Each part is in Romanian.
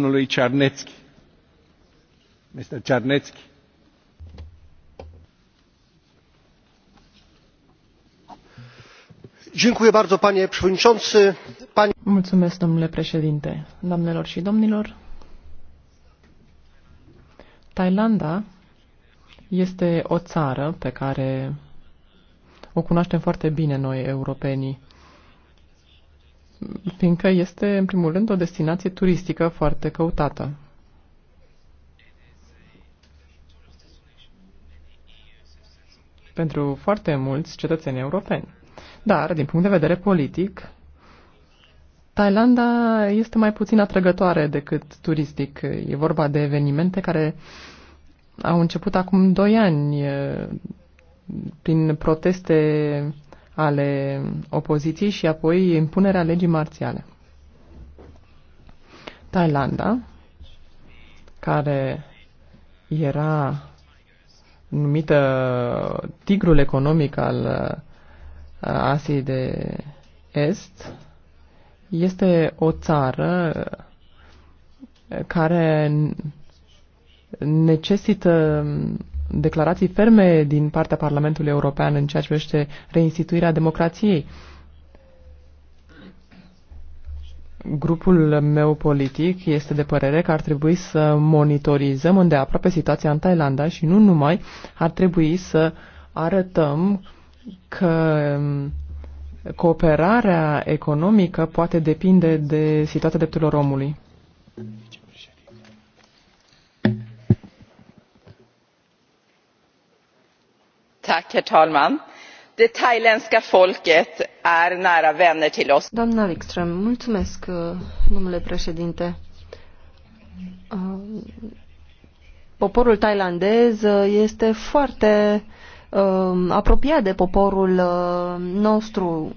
domnului Czarnecki. Mr. Czarnecki. Mulțumesc, domnule președinte, doamnelor și domnilor. Thailanda este o țară pe care o cunoaștem foarte bine noi, europenii fiindcă este, în primul rând, o destinație turistică foarte căutată. Pentru foarte mulți cetățeni europeni. Dar, din punct de vedere politic, Thailanda este mai puțin atrăgătoare decât turistic. E vorba de evenimente care au început acum doi ani prin proteste ale opoziției și apoi impunerea legii marțiale. Thailanda, care era numită tigrul economic al uh, Asiei de Est, este o țară uh, care necesită declarații ferme din partea Parlamentului European în ceea ce privește reinstituirea democrației. Grupul meu politic este de părere că ar trebui să monitorizăm îndeaproape situația în Thailanda și nu numai, ar trebui să arătăm că cooperarea economică poate depinde de situația drepturilor omului. herr talman! det thailändska folket är nära vänner till oss. doamna wikström mulțumesc uh, domnule președinte. Uh, poporul thailandez uh, este foarte apropiat de poporul nostru.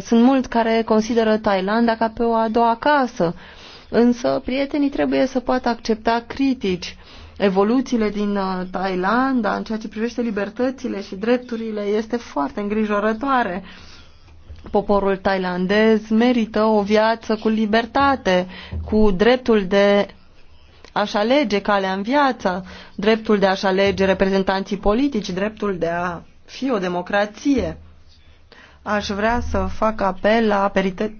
Sunt mulți care consideră Thailanda ca pe o a doua casă, însă prietenii trebuie să poată accepta critici evoluțiile din uh, Thailanda în ceea ce privește libertățile și drepturile este foarte îngrijorătoare. Poporul thailandez merită o viață cu libertate, cu dreptul de a-și alege calea în viață, dreptul de a-și alege reprezentanții politici, dreptul de a fi o democrație. Aș vrea să fac apel la,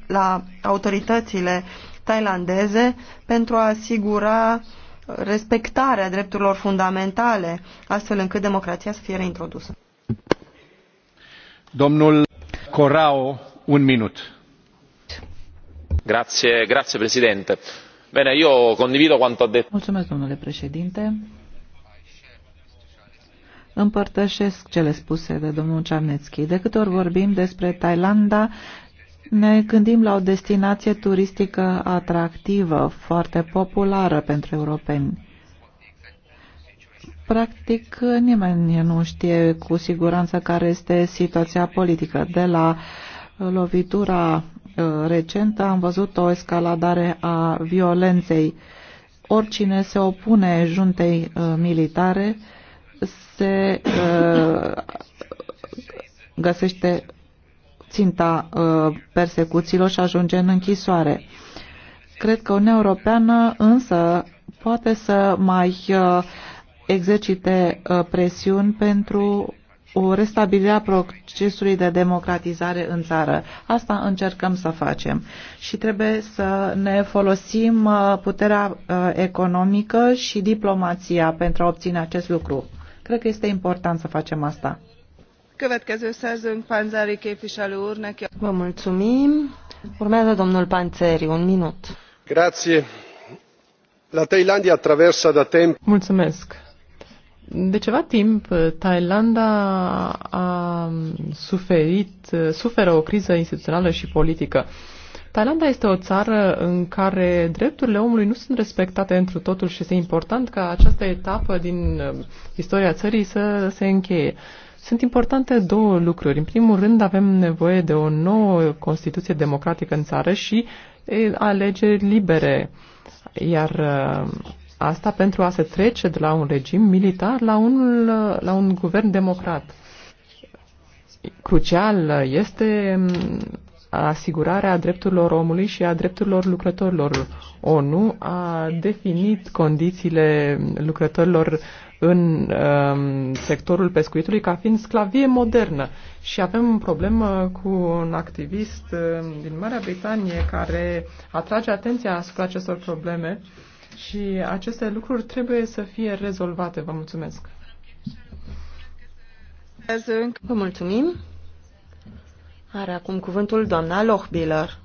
la autoritățile thailandeze pentru a asigura respectarea drepturilor fundamentale, astfel încât democrația să fie reintrodusă. Domnul Corao, un minut. Grazie, grazie Presidente. Bene, io condivido quanto ha detto. Mulțumesc, domnule președinte. Împărtășesc cele spuse de domnul Cernețchi. De câte ori vorbim despre Thailanda, ne gândim la o destinație turistică atractivă, foarte populară pentru europeni. Practic, nimeni nu știe cu siguranță care este situația politică. De la lovitura uh, recentă am văzut o escaladare a violenței. Oricine se opune juntei uh, militare se uh, găsește ținta uh, persecuțiilor și ajunge în închisoare. Cred că Uniunea Europeană însă poate să mai uh, exercite uh, presiuni pentru o restabilire a procesului de democratizare în țară. Asta încercăm să facem și trebuie să ne folosim puterea economică și diplomația pentru a obține acest lucru. Cred că este important să facem asta un minut. La Thailandia attraversa da tempo... Mulțumesc. De ceva timp, Thailanda a suferit, suferă o criză instituțională și politică. Thailanda este o țară în care drepturile omului nu sunt respectate întru totul și este important ca această etapă din uh, istoria țării să se încheie. Sunt importante două lucruri. În primul rând, avem nevoie de o nouă Constituție democratică în țară și alegeri libere. Iar uh, asta pentru a se trece de la un regim militar la un, la un guvern democrat. Crucial este mm, asigurarea drepturilor omului și a drepturilor lucrătorilor. ONU a definit condițiile lucrătorilor în um, sectorul pescuitului ca fiind sclavie modernă. Și avem o problemă cu un activist um, din Marea Britanie care atrage atenția asupra acestor probleme și aceste lucruri trebuie să fie rezolvate. Vă mulțumesc! Vă mulțumim! Are acum cuvântul doamna Lochbiller,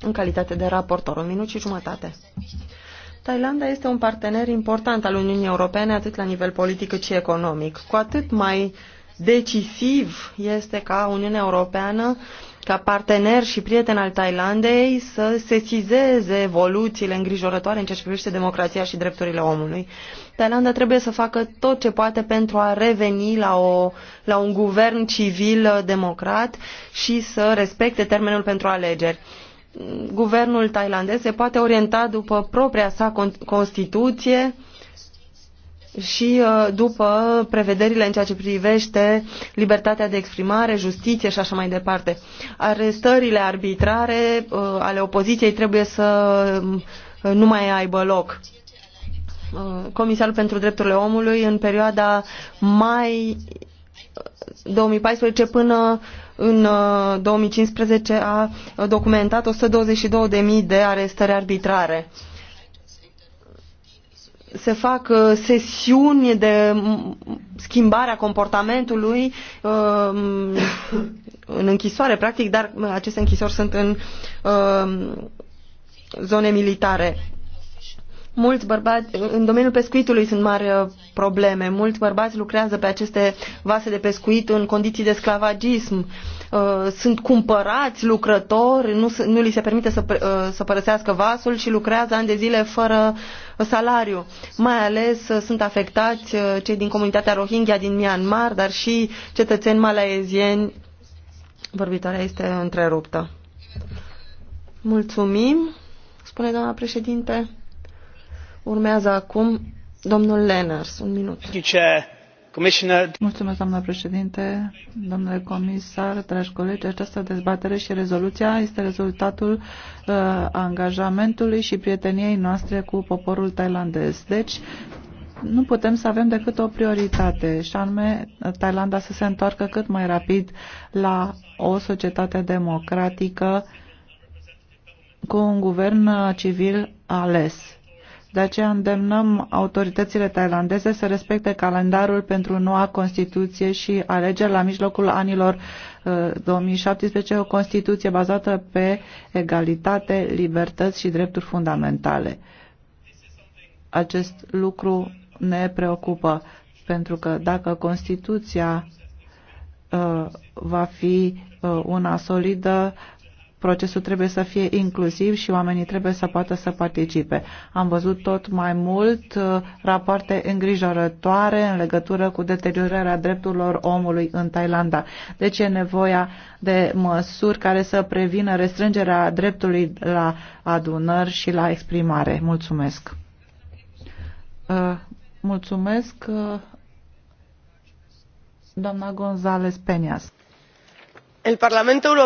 în calitate de raportor, un minut și jumătate. Thailanda este un partener important al Uniunii Europene atât la nivel politic cât și economic. Cu atât mai decisiv este ca Uniunea Europeană ca partener și prieten al Thailandei să sesizeze evoluțiile îngrijorătoare în ceea ce privește democrația și drepturile omului. Thailanda trebuie să facă tot ce poate pentru a reveni la, o, la un guvern civil democrat și să respecte termenul pentru alegeri guvernul thailandez se poate orienta după propria sa Constituție și uh, după prevederile în ceea ce privește libertatea de exprimare, justiție și așa mai departe. Arestările arbitrare uh, ale opoziției trebuie să uh, nu mai aibă loc. Comisarul pentru Drepturile Omului în perioada mai 2014 până în 2015 uh, a documentat 122.000 de arestări arbitrare. Se fac uh, sesiuni de schimbare a comportamentului uh, în închisoare, practic, dar aceste închisori sunt în zone militare mulți bărbați, în domeniul pescuitului sunt mari uh, probleme. Mulți bărbați lucrează pe aceste vase de pescuit în condiții de sclavagism. Uh, sunt cumpărați lucrători, nu, nu li se permite să, uh, să părăsească vasul și lucrează ani de zile fără salariu. Mai ales sunt afectați cei din comunitatea Rohingya din Myanmar, dar și cetățeni malaezieni. Vorbitoarea este întreruptă. Mulțumim, spune doamna președinte. Urmează acum domnul Lenners. Un minut. Mulțumesc, doamnă președinte, domnule comisar, dragi colegi. Această dezbatere și rezoluția este rezultatul uh, angajamentului și prieteniei noastre cu poporul tailandez. Deci, nu putem să avem decât o prioritate, și anume uh, Thailanda să se întoarcă cât mai rapid la o societate democratică cu un guvern uh, civil ales de aceea îndemnăm autoritățile tailandeze să respecte calendarul pentru noua Constituție și alegeri la mijlocul anilor 2017, uh, o Constituție bazată pe egalitate, libertăți și drepturi fundamentale. Acest lucru ne preocupă, pentru că dacă Constituția uh, va fi uh, una solidă, Procesul trebuie să fie inclusiv și oamenii trebuie să poată să participe. Am văzut tot mai mult uh, rapoarte îngrijorătoare în legătură cu deteriorarea drepturilor omului în Thailanda. Deci e nevoia de măsuri care să prevină restrângerea dreptului la adunări și la exprimare. Mulțumesc! Uh, mulțumesc, uh, doamna González Peñas. Parlamentul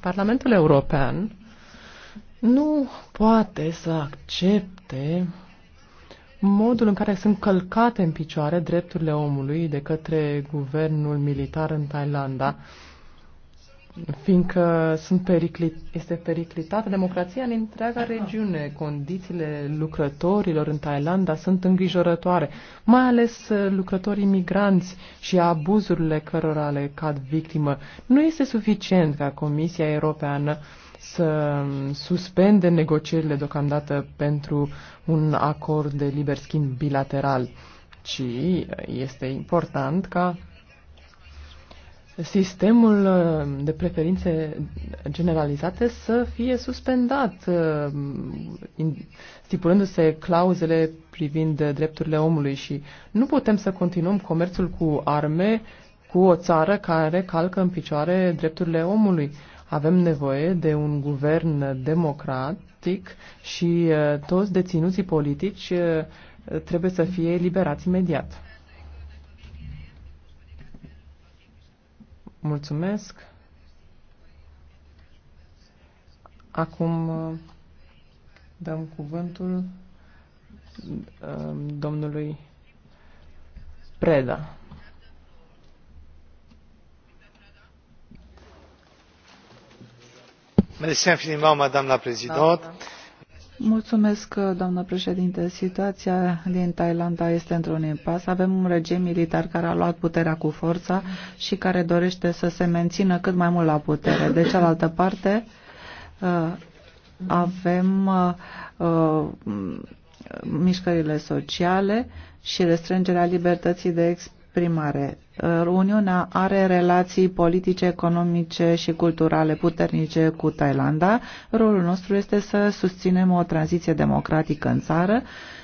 Parlamentul European nu poate să accepte modul în care sunt călcate în picioare drepturile omului de către guvernul militar în Thailanda fiindcă sunt periclit, este periclitată democrația în întreaga regiune. Condițiile lucrătorilor în Thailanda sunt îngrijorătoare, mai ales uh, lucrătorii migranți și abuzurile cărora le cad victimă. Nu este suficient ca Comisia Europeană să um, suspende negocierile deocamdată pentru un acord de liber schimb bilateral, ci este important ca sistemul uh, de preferințe generalizate să fie suspendat, uh, stipulându-se clauzele privind drepturile omului și nu putem să continuăm comerțul cu arme cu o țară care calcă în picioare drepturile omului. Avem nevoie de un guvern democratic și uh, toți deținuții politici trebuie să fie eliberați imediat. Mulțumesc. Acum uh, dăm cuvântul uh, domnului Preda. Mulțumesc, doamna președintă Mulțumesc, doamnă președinte. Situația din Thailanda este într-un impas. Avem un regim militar care a luat puterea cu forța și care dorește să se mențină cât mai mult la putere. De cealaltă parte, uh, avem uh, mișcările sociale și restrângerea libertății de exprimare. Uh, Uniunea are relații politice, economice și culturale puternice cu Thailanda. Rolul nostru este să susținem o tranziție democratică în țară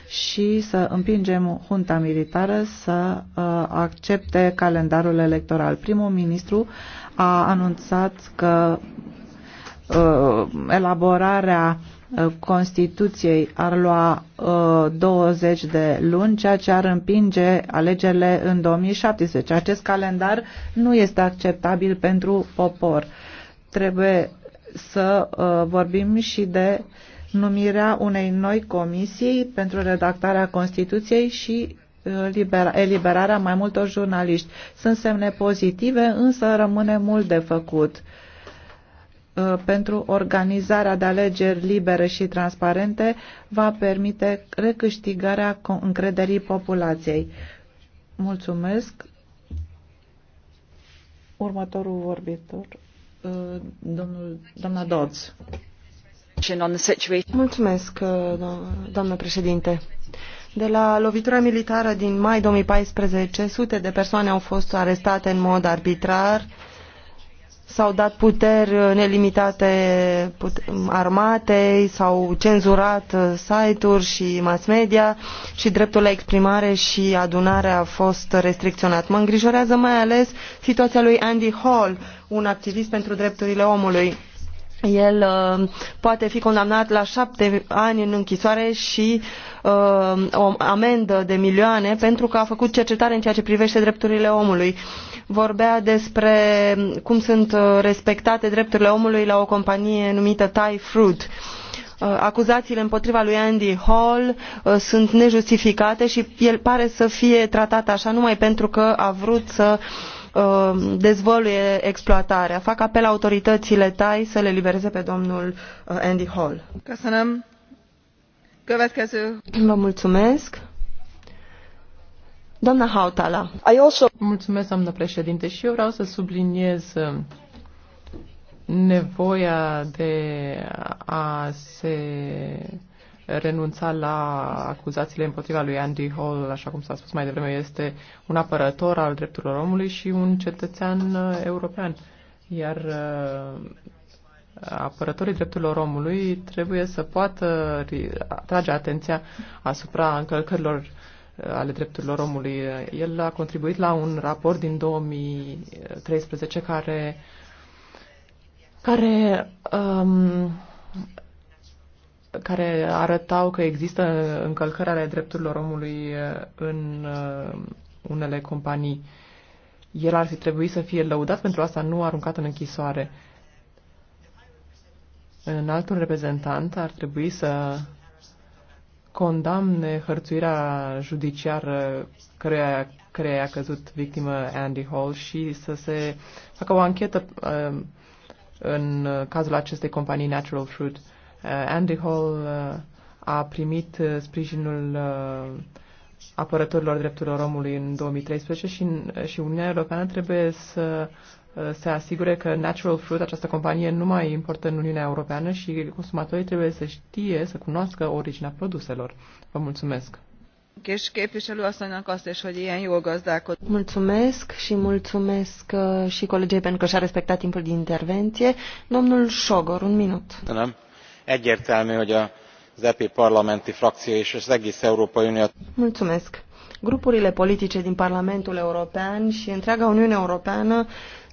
și să împingem junta militară să uh, accepte calendarul electoral. Primul ministru a anunțat că uh, elaborarea Uh, Constituției ar lua 20 uh, de luni, ceea ce ar împinge alegerile în 2017. Acest calendar nu este acceptabil pentru popor. Trebuie să uh, vorbim și de numirea unei noi comisii pentru redactarea Constituției și eliberarea mai multor jurnaliști. Sunt semne pozitive, însă rămâne mult de făcut Uh, pentru organizarea de alegeri libere și transparente va permite recâștigarea încrederii populației. Mulțumesc. Următorul vorbitor, uh, domnul, doamna Dodds. Mulțumesc, uh, doamnă președinte. De la lovitura militară din mai 2014, sute de persoane au fost arestate în mod arbitrar, s-au dat puteri uh, nelimitate put armatei, s-au cenzurat uh, site-uri și mass media și dreptul la exprimare și adunare a fost restricționat. Mă îngrijorează mai ales situația lui Andy Hall, un activist pentru drepturile omului. El uh, poate fi condamnat la șapte ani în închisoare și uh, o amendă de milioane pentru că a făcut cercetare în ceea ce privește drepturile omului. Uh, vorbea despre cum sunt uh, respectate drepturile omului la o companie numită Thai Fruit. Uh, acuzațiile împotriva lui Andy Hall uh, sunt nejustificate și el pare să fie tratat așa numai pentru că a vrut să dezvăluie exploatarea. Fac apel autoritățile Thai să le libereze pe domnul Andy Hall. Vă mulțumesc doamnă președinte, și eu vreau să subliniez uh, nevoia de a se renunța la acuzațiile împotriva lui Andy Hall, așa cum s-a spus mai devreme, este un apărător al drepturilor omului și un cetățean uh, european. Iar uh, apărătorii drepturilor omului trebuie să poată trage atenția asupra încălcărilor ale drepturilor omului. El a contribuit la un raport din 2013 care, care, um, care arătau că există încălcări ale drepturilor omului în uh, unele companii. El ar fi trebuit să fie lăudat pentru asta, nu aruncat în închisoare. În altul reprezentant ar trebui să condamne hărțuirea judiciară căreia, căreia a căzut victimă Andy Hall și să se facă o anchetă uh, în cazul acestei companii Natural Fruit. Uh, Andy Hall uh, a primit uh, sprijinul uh, apărătorilor drepturilor omului în 2013 și, uh, și Uniunea Europeană trebuie să Uh, se asigure că Natural Fruit, această companie, nu mai importă în Uniunea Europeană și consumatorii trebuie să știe, să cunoască originea produselor. Vă mulțumesc! Mulțumesc și mulțumesc uh, și colegii pentru că și-a respectat timpul din intervenție. Domnul Șogor, un minut. Köszönöm. Egyértelmű, hogy az EP parlamenti frakció és az egész Európai Unió. Mulțumesc. Grupurile politice din Parlamentul European și întreaga Uniune Europeană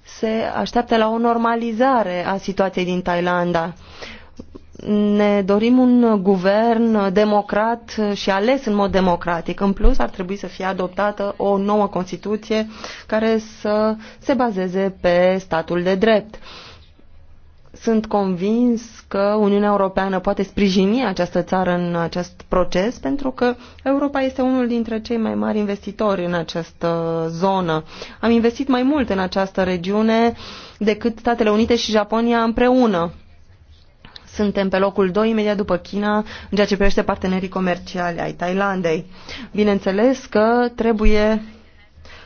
se așteaptă la o normalizare a situației din Thailanda. Ne dorim un guvern democrat și ales în mod democratic. În plus, ar trebui să fie adoptată o nouă Constituție care să se bazeze pe statul de drept sunt convins că Uniunea Europeană poate sprijini această țară în acest proces, pentru că Europa este unul dintre cei mai mari investitori în această zonă. Am investit mai mult în această regiune decât Statele Unite și Japonia împreună. Suntem pe locul 2 imediat după China în ceea ce privește partenerii comerciali ai Thailandei. Bineînțeles că trebuie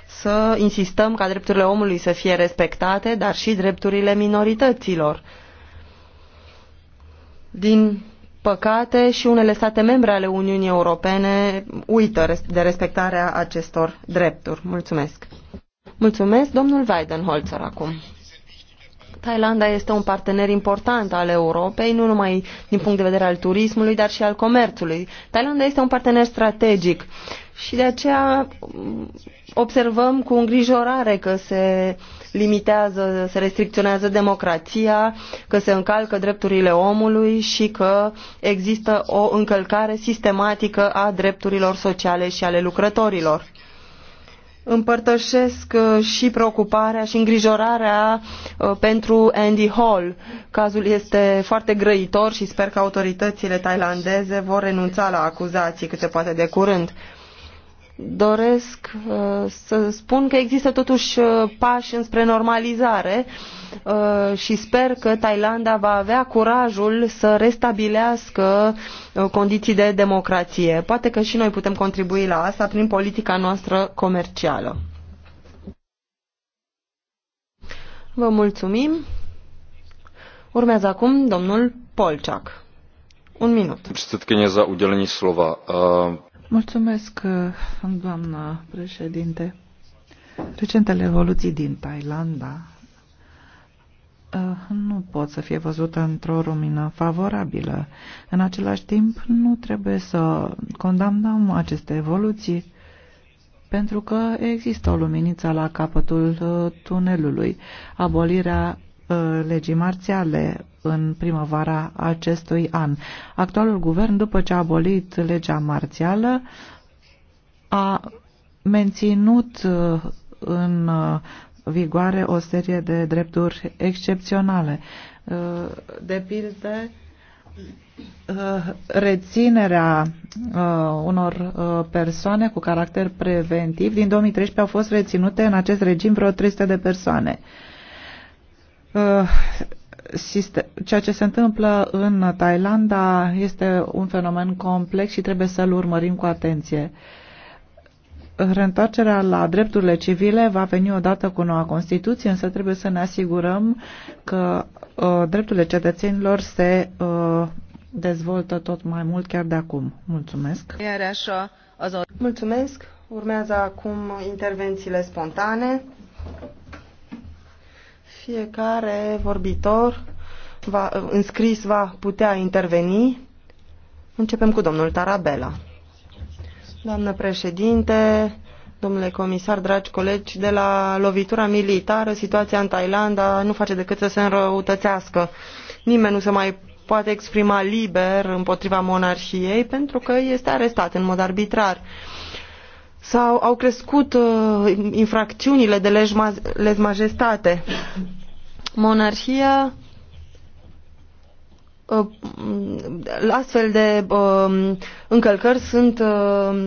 să insistăm ca drepturile omului să fie respectate, dar și drepturile minorităților. Din păcate, și unele state membre ale Uniunii Europene uită de respectarea acestor drepturi. Mulțumesc. Mulțumesc, domnul Weidenholzer, acum. Thailanda este un partener important al Europei, nu numai din punct de vedere al turismului, dar și al comerțului. Thailanda este un partener strategic și de aceea observăm cu îngrijorare că se uh, limitează, se restricționează democrația, că se încalcă drepturile omului și că există o încălcare sistematică a drepturilor sociale și ale lucrătorilor împărtășesc uh, și preocuparea și îngrijorarea uh, pentru Andy Hall. Cazul este foarte grăitor și sper că autoritățile tailandeze vor renunța la acuzații câte se poate de curând doresc uh, să spun că există totuși uh, pași înspre normalizare uh, și sper că Thailanda va avea curajul să restabilească uh, condiții de democrație. Poate că și noi putem contribui la asta prin politica noastră comercială. Vă mulțumim. Urmează acum domnul Polciac. Un minut. Předsedkyně za udělení slova. Uh... Mulțumesc, uh, doamnă președinte. Recentele evoluții din Thailanda uh, nu pot să fie văzută într-o lumină favorabilă. În același timp, nu trebuie să condamnăm aceste evoluții, pentru că există o luminiță la capătul uh, tunelului. Abolirea Uh, legii marțiale în primăvara acestui an. Actualul guvern, după ce a abolit legea marțială, a menținut uh, în uh, vigoare o serie de drepturi excepționale. De pildă, reținerea unor persoane cu caracter preventiv. Din 2013 au fost reținute în acest regim vreo 300 de persoane. Uh, ceea ce se întâmplă în Thailanda este un fenomen complex și trebuie să-l urmărim cu atenție. Reîntoarcerea la drepturile civile va veni odată cu noua Constituție, însă trebuie să ne asigurăm că uh, drepturile cetățenilor se uh, dezvoltă tot mai mult chiar de acum. Mulțumesc! Uh, Mulțumesc! Urmează acum intervențiile spontane. Fiecare vorbitor va, înscris va putea interveni. Începem cu domnul Tarabela. Doamnă președinte, domnule comisar, dragi colegi, de la lovitura militară, situația în Thailanda nu face decât să se înrăutățească. Nimeni nu se mai poate exprima liber împotriva monarhiei pentru că este arestat în mod arbitrar sau au crescut uh, infracțiunile de lez majestate. Monarhia uh, mm, astfel de uh, încălcări sunt uh,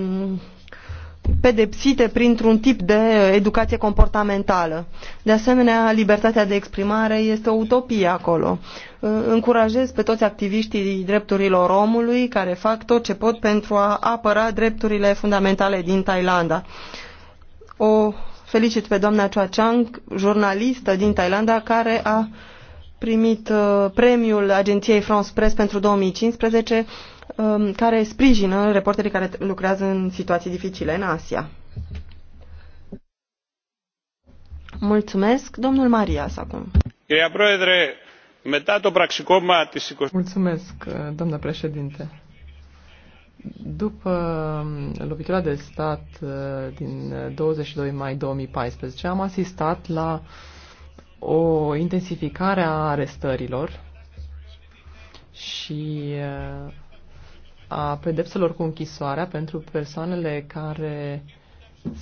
pedepsite printr-un tip de educație comportamentală. De asemenea, libertatea de exprimare este o utopie acolo. Uh, încurajez pe toți activiștii drepturilor omului care fac tot ce pot pentru a apăra drepturile fundamentale din Thailanda. O felicit pe doamna Chua Chang, jurnalistă din Thailanda, care a primit uh, premiul agenției France Press pentru 2015, um, care sprijină reporterii care lucrează în situații dificile în Asia. Mulțumesc, domnul Marias, acum. Κύριε Πρόεδρε, Mulțumesc, uh, președinte. După um, lovitura de stat uh, din 22 uh, mai 2014, am asistat la o intensificare a arestărilor și a pedepselor cu închisoarea pentru persoanele care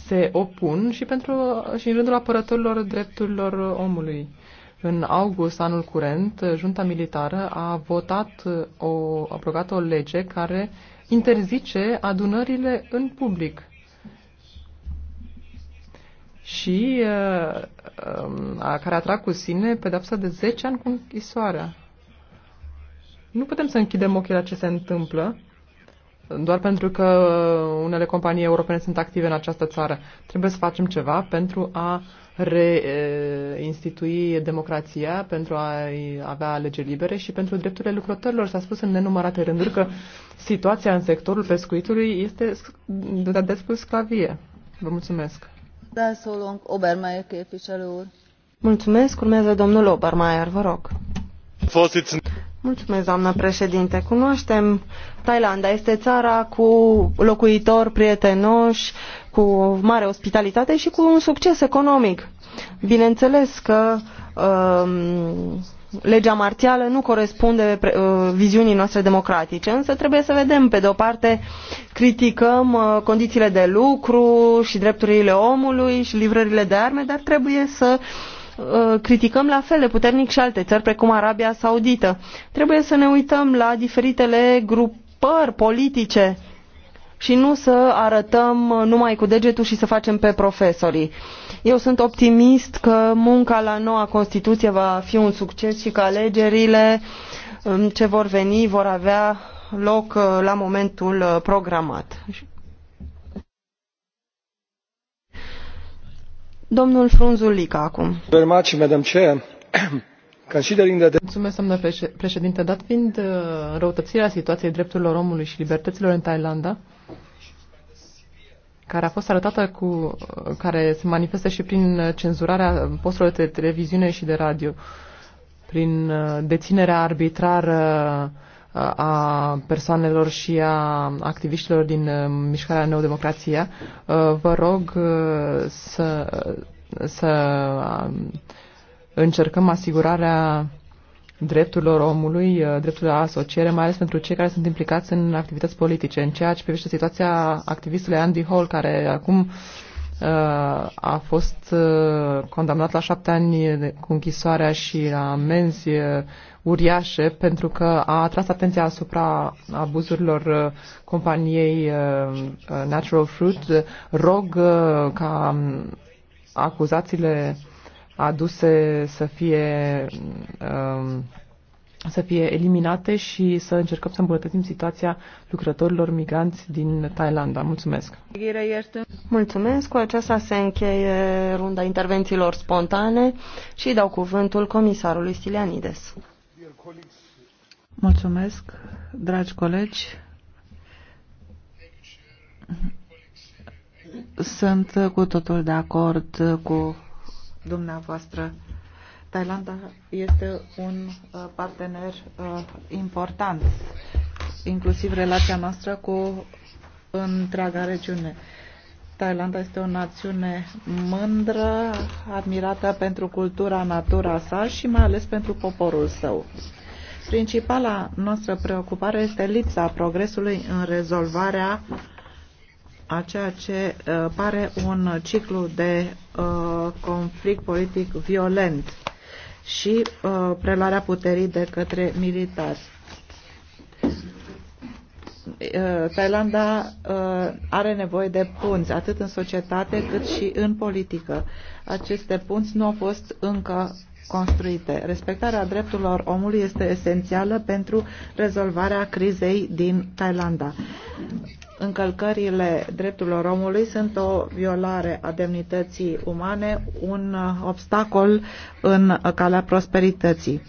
se opun și, pentru, și în rândul apărătorilor drepturilor omului. În august anul curent, junta militară a votat o, a aprobat o lege care interzice adunările în public. Și uh, uh, care atrag cu sine pedapsa de 10 ani cu închisoarea. Nu putem să închidem ochii la ce se întâmplă doar pentru că unele companii europene sunt active în această țară. Trebuie să facem ceva pentru a uh, reinstitui democrația, pentru a avea alegeri libere și pentru drepturile lucrătorilor. S-a spus în nenumărate rânduri că situația în sectorul pescuitului este de spus sclavie. Vă mulțumesc. Da, Solong, Obermeier, képviselő úr. Mulțumesc, urmează domnul Obermeier, vă rog. Mulțumesc, doamnă președinte. Cunoaștem Thailanda. Este țara cu locuitori prietenoși, cu mare ospitalitate și cu un succes economic. Bineînțeles că um, legea marțială nu corespunde pre, uh, viziunii noastre democratice, însă trebuie să vedem, pe de o parte, criticăm uh, condițiile de lucru și drepturile omului și livrările de arme, dar trebuie să uh, Uh, criticăm la fel de puternic și alte țări precum Arabia Saudită. Trebuie să ne uităm la diferitele grupări politice și nu să arătăm numai cu degetul și să facem pe profesorii. Eu sunt optimist că munca la noua Constituție va fi un succes și că alegerile um, ce vor veni vor avea loc uh, la momentul uh, programat. Domnul acum. președinte. Dat fiind uh, înrăutățirea situației drepturilor omului și libertăților în Thailanda, care a fost arătată cu, uh, care se manifestă și prin uh, cenzurarea posturilor de televiziune și de radio, prin deținerea arbitrară a persoanelor și a activiștilor din uh, mișcarea Neodemocrația, uh, vă rog uh, să, să um, încercăm asigurarea drepturilor omului, dreptul la asociere, mai ales pentru cei care sunt implicați în activități politice. În ceea ce privește situația activistului Andy Hall, care acum a fost condamnat la șapte ani cu închisoarea și la amenzi uriașe pentru că a atras atenția asupra abuzurilor uh, companiei uh, uh, Natural Fruit. Rog ca um, acuzațiile aduse să fie um, să fie eliminate și să încercăm să îmbunătățim situația lucrătorilor migranți din Thailanda. Mulțumesc! Mulțumesc! Cu aceasta se încheie runda intervențiilor spontane și dau cuvântul comisarului Stilianides. Mulțumesc, dragi colegi. Sunt cu totul de acord cu dumneavoastră. Thailanda este un uh, partener uh, important, inclusiv relația noastră cu întreaga regiune. Thailanda este o națiune mândră, admirată pentru cultura, natura sa și mai ales pentru poporul său. Principala noastră preocupare este lipsa progresului în rezolvarea a ceea ce uh, pare un ciclu de uh, conflict politic violent și uh, preluarea puterii de către militari. Uh, Thailanda uh, are nevoie de punți, atât în societate cât și în politică. Aceste punți nu au fost încă construite. Respectarea drepturilor omului este esențială pentru rezolvarea crizei din Thailanda. Încălcările drepturilor omului sunt o violare a demnității umane, un obstacol în calea prosperității.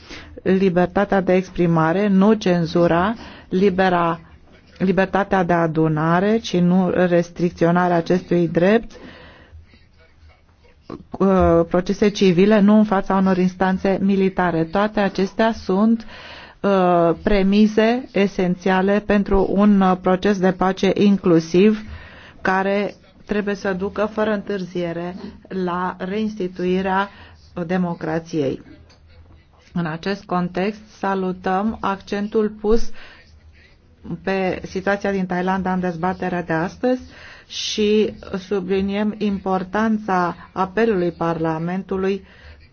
Libertatea de exprimare, nu cenzura, libera libertatea de adunare, ci nu restricționarea acestui drept uh, procese civile, nu în fața unor instanțe militare. Toate acestea sunt uh, premize esențiale pentru un uh, proces de pace inclusiv care trebuie să ducă fără întârziere la reinstituirea democrației. În acest context salutăm accentul pus pe situația din Thailanda în dezbaterea de astăzi și subliniem importanța apelului Parlamentului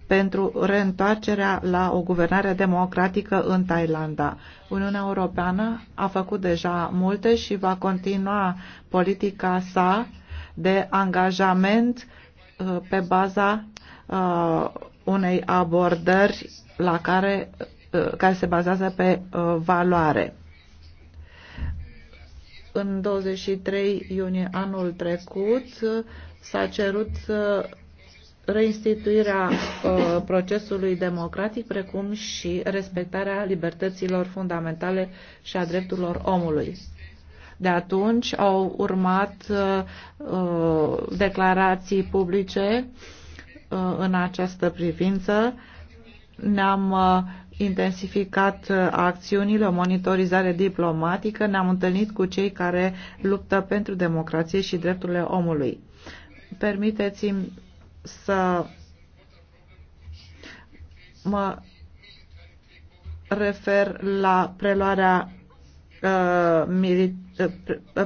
pentru reîntoarcerea la o guvernare democratică în Thailanda. Uniunea Europeană a făcut deja multe și va continua politica sa de angajament uh, pe baza uh, unei abordări la care, uh, care se bazează pe valoare în 23 iunie anul trecut s-a cerut uh, reinstituirea uh, procesului democratic, precum și respectarea libertăților fundamentale și a drepturilor omului. De atunci au urmat uh, declarații publice în această privință. Ne-am uh, intensificat uh, acțiunile, o monitorizare diplomatică, ne-am întâlnit cu cei care luptă pentru democrație și drepturile omului. Permiteți-mi să mă refer la preluarea, uh, uh,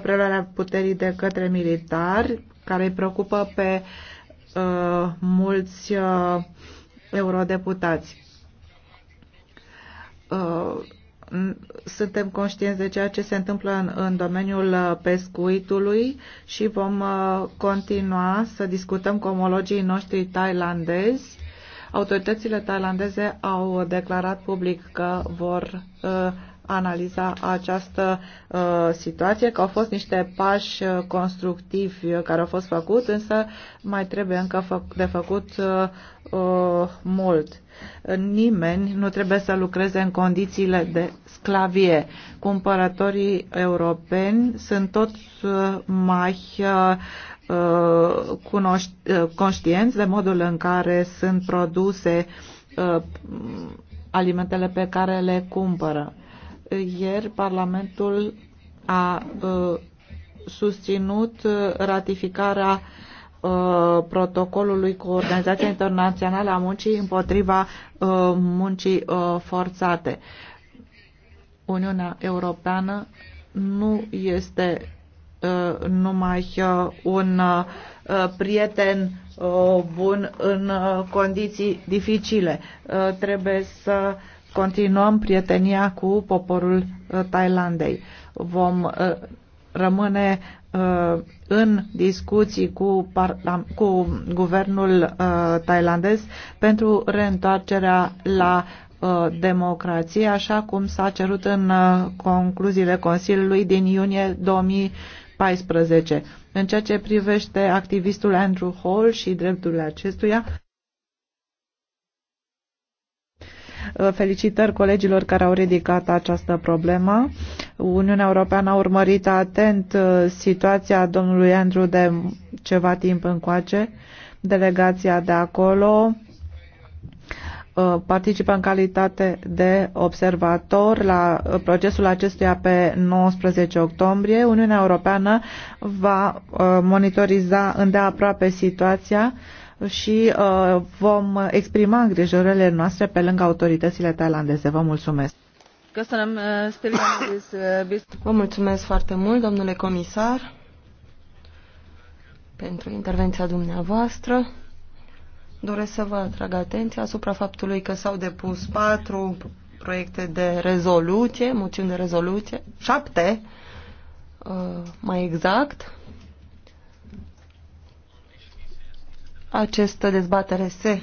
preluarea puterii de către militari, care îi preocupă pe uh, mulți uh, eurodeputați Uh, suntem conștienți de ceea ce se întâmplă în, în domeniul uh, pescuitului și vom uh, continua să discutăm cu omologii noștri tailandezi. Autoritățile tailandeze au declarat public că vor analiza această uh, situație, că au fost niște pași uh, constructivi uh, care au fost făcuți, însă mai trebuie încă fă de făcut uh, uh, mult. Nimeni nu trebuie să lucreze în condițiile de sclavie. Cumpărătorii europeni sunt tot mai uh, uh, conștienți de modul în care sunt produse alimentele pe care le cumpără. Ieri Parlamentul a uh, susținut ratificarea uh, protocolului cu Organizația Internațională a Muncii împotriva uh, muncii forțate. Uniunea Europeană nu este numai un prieten bun în condiții dificile. Trebuie să continuăm prietenia cu poporul uh, Thailandei. Vom uh, rămâne uh, în discuții cu, cu guvernul thailandez pentru reîntoarcerea la democrație, așa cum s-a cerut în concluziile Consiliului din iunie 2014. În ceea ce privește activistul Andrew Hall și drepturile acestuia, Eh, felicitări colegilor care au ridicat această problemă. Uniunea Europeană a urmărit atent eh, situația domnului Andrew de ceva timp încoace. Delegația de acolo eh, participă în calitate de observator la procesul acestuia pe 19 octombrie. Uniunea Europeană va monitoriza îndeaproape situația și uh, vom exprima îngrijorările noastre pe lângă autoritățile thailandeze. Vă mulțumesc! Uh, uh, vă mulțumesc foarte mult, domnule comisar, pentru intervenția dumneavoastră. Doresc să vă atrag atenția asupra faptului că s-au depus patru proiecte de rezoluție, moțiuni de rezoluție, șapte, mai exact, Această dezbatere se